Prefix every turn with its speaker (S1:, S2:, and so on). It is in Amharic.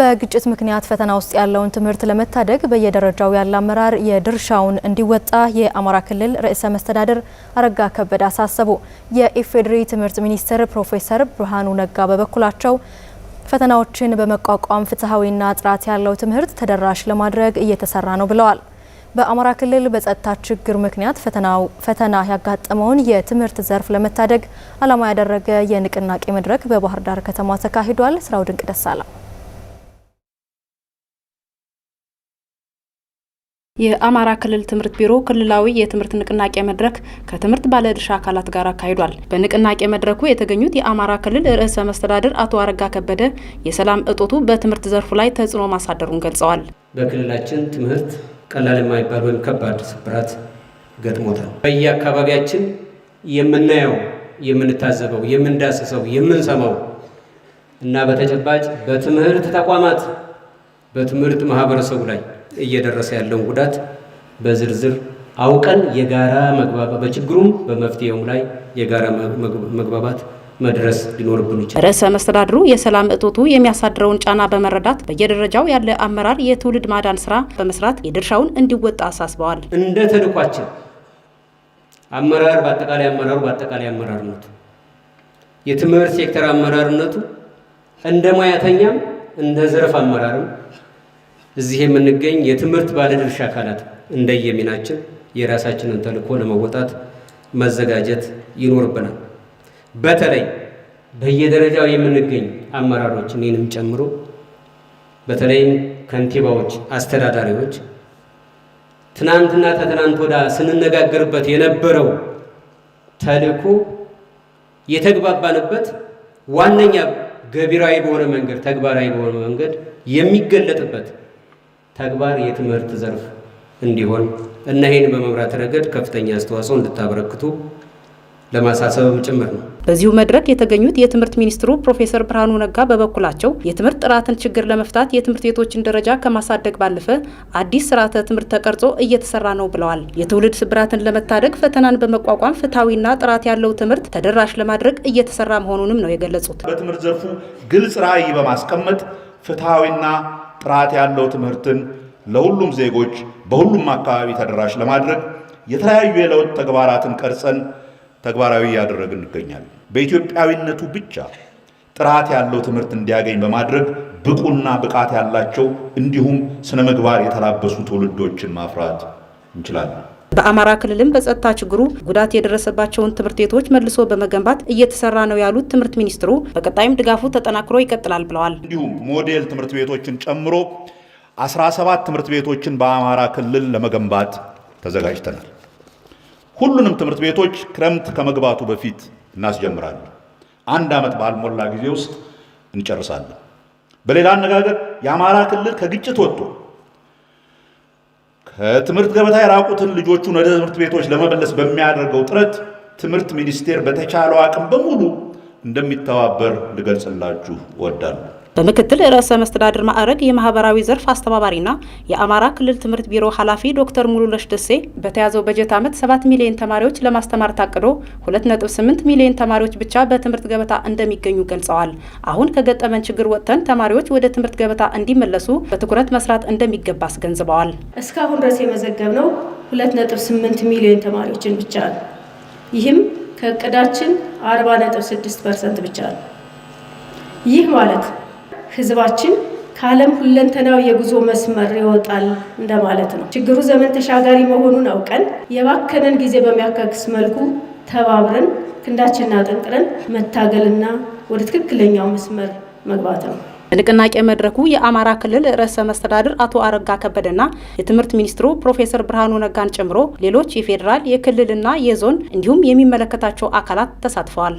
S1: በግጭት ምክንያት ፈተና ውስጥ ያለውን ትምህርት ለመታደግ በየደረጃው ያለ አመራር የድርሻውን እንዲወጣ የአማራ ክልል ርዕሰ መስተዳደር አረጋ ከበደ አሳሰቡ። የኢፌዴሪ ትምህርት ሚኒስትር ፕሮፌሰር ብርሃኑ ነጋ በበኩላቸው ፈተናዎችን በመቋቋም ፍትሐዊና ጥራት ያለው ትምህርት ተደራሽ ለማድረግ እየተሰራ ነው ብለዋል። በአማራ ክልል በጸጥታ ችግር ምክንያት ፈተና ያጋጠመውን የትምህርት ዘርፍ ለመታደግ ዓላማ ያደረገ የንቅናቄ መድረክ በባህር ዳር ከተማ ተካሂዷል። ስራው ድንቅ ደሳላ የአማራ ክልል ትምህርት ቢሮ ክልላዊ የትምህርት ንቅናቄ መድረክ ከትምህርት ባለድርሻ አካላት ጋር አካሂዷል። በንቅናቄ መድረኩ የተገኙት የአማራ ክልል ርዕሰ መስተዳድር አቶ አረጋ ከበደ የሰላም እጦቱ በትምህርት ዘርፉ ላይ ተጽዕኖ ማሳደሩን ገልጸዋል።
S2: በክልላችን ትምህርት ቀላል የማይባል ወይም ከባድ ስብራት ገጥሞታል። በየአካባቢያችን የምናየው፣ የምንታዘበው፣ የምንዳስሰው፣ የምንሰማው እና በተጨባጭ በትምህርት ተቋማት በትምህርት ማህበረሰቡ ላይ እየደረሰ ያለውን ጉዳት በዝርዝር አውቀን የጋራ መግባባት በችግሩም በመፍትሄውም ላይ የጋራ መግባባት መድረስ ሊኖርብን ይችላል።
S1: ርዕሰ መስተዳድሩ የሰላም እጦቱ የሚያሳድረውን ጫና በመረዳት በየደረጃው ያለ አመራር የትውልድ ማዳን ስራ በመስራት የድርሻውን እንዲወጣ አሳስበዋል።
S2: እንደ ተልኳችን አመራር በአጠቃላይ አመራሩ በአጠቃላይ አመራርነቱ የትምህርት ሴክተር አመራርነቱ እንደ ሙያተኛም እንደ ዘርፍ አመራርም እዚህ የምንገኝ የትምህርት ባለድርሻ አካላት እንደየሚናችን የራሳችንን ተልዕኮ ለመወጣት መዘጋጀት ይኖርብናል። በተለይ በየደረጃው የምንገኝ አመራሮች እኔንም ጨምሮ በተለይም ከንቲባዎች፣ አስተዳዳሪዎች ትናንትና ተትናንት ወዳ ስንነጋገርበት የነበረው ተልዕኮ የተግባባንበት ዋነኛ ገቢራዊ በሆነ መንገድ ተግባራዊ በሆነ መንገድ የሚገለጥበት ተግባር የትምህርት ዘርፍ እንዲሆን እና ይህን በመምራት ረገድ ከፍተኛ አስተዋጽኦ እንድታበረክቱ ለማሳሰብም ጭምር ነው።
S1: በዚሁ መድረክ የተገኙት የትምህርት ሚኒስትሩ ፕሮፌሰር ብርሃኑ ነጋ በበኩላቸው የትምህርት ጥራትን ችግር ለመፍታት የትምህርት ቤቶችን ደረጃ ከማሳደግ ባለፈ አዲስ ስርዓተ ትምህርት ተቀርጾ እየተሰራ ነው ብለዋል። የትውልድ ስብራትን ለመታደግ ፈተናን በመቋቋም ፍትሐዊና ጥራት ያለው ትምህርት ተደራሽ ለማድረግ እየተሰራ መሆኑንም ነው የገለጹት።
S3: በትምህርት ዘርፉ ግልጽ ራዕይ በማስቀመጥ ፍትሐዊና ጥራት ያለው ትምህርትን ለሁሉም ዜጎች በሁሉም አካባቢ ተደራሽ ለማድረግ የተለያዩ የለውጥ ተግባራትን ቀርጸን ተግባራዊ እያደረግን እንገኛለን። በኢትዮጵያዊነቱ ብቻ ጥራት ያለው ትምህርት እንዲያገኝ በማድረግ ብቁና ብቃት ያላቸው እንዲሁም ስነ ምግባር የተላበሱ ትውልዶችን ማፍራት እንችላለን።
S1: በአማራ ክልልም በጸጥታ ችግሩ ጉዳት የደረሰባቸውን ትምህርት ቤቶች መልሶ በመገንባት እየተሰራ ነው ያሉት ትምህርት ሚኒስትሩ በቀጣይም ድጋፉ ተጠናክሮ ይቀጥላል ብለዋል።
S3: እንዲሁም ሞዴል ትምህርት ቤቶችን ጨምሮ 17 ትምህርት ቤቶችን በአማራ ክልል ለመገንባት ተዘጋጅተናል። ሁሉንም ትምህርት ቤቶች ክረምት ከመግባቱ በፊት እናስጀምራለን። አንድ ዓመት ባልሞላ ጊዜ ውስጥ እንጨርሳለን። በሌላ አነጋገር የአማራ ክልል ከግጭት ወጥቶ ከትምህርት ገበታ የራቁትን ልጆቹን ወደ ትምህርት ቤቶች ለመመለስ በሚያደርገው ጥረት ትምህርት ሚኒስቴር በተቻለው አቅም በሙሉ እንደሚተባበር ልገልጽላችሁ እወዳለሁ።
S1: በምክትል ርዕሰ መስተዳድር ማዕረግ የማህበራዊ ዘርፍ አስተባባሪና የአማራ ክልል ትምህርት ቢሮ ኃላፊ ዶክተር ሙሉነሽ ደሴ በተያዘው በጀት ዓመት 7 ሚሊዮን ተማሪዎች ለማስተማር ታቅዶ 2.8 ሚሊዮን ተማሪዎች ብቻ በትምህርት ገበታ እንደሚገኙ ገልጸዋል። አሁን ከገጠመን ችግር ወጥተን ተማሪዎች ወደ ትምህርት ገበታ እንዲመለሱ በትኩረት መስራት እንደሚገባ አስገንዝበዋል።
S4: እስካሁን ድረስ የመዘገብነው 2.8 ሚሊዮን ተማሪዎችን ብቻ ነው። ይህም ከእቅዳችን 40.6 ፐርሰንት ብቻ ነው። ይህ ማለት ህዝባችን ከዓለም ሁለንተናዊ የጉዞ መስመር ይወጣል እንደማለት ነው። ችግሩ ዘመን ተሻጋሪ መሆኑን አውቀን የባከነን ጊዜ በሚያካክስ መልኩ ተባብረን ክንዳችንን አጠንቅረን መታገልና ወደ ትክክለኛው መስመር መግባት ነው።
S1: በንቅናቄ መድረኩ የአማራ ክልል ርዕሰ መስተዳድር አቶ አረጋ ከበደና የትምህርት ሚኒስትሩ ፕሮፌሰር ብርሃኑ ነጋን ጨምሮ ሌሎች የፌዴራል የክልልና የዞን እንዲሁም የሚመለከታቸው አካላት ተሳትፈዋል።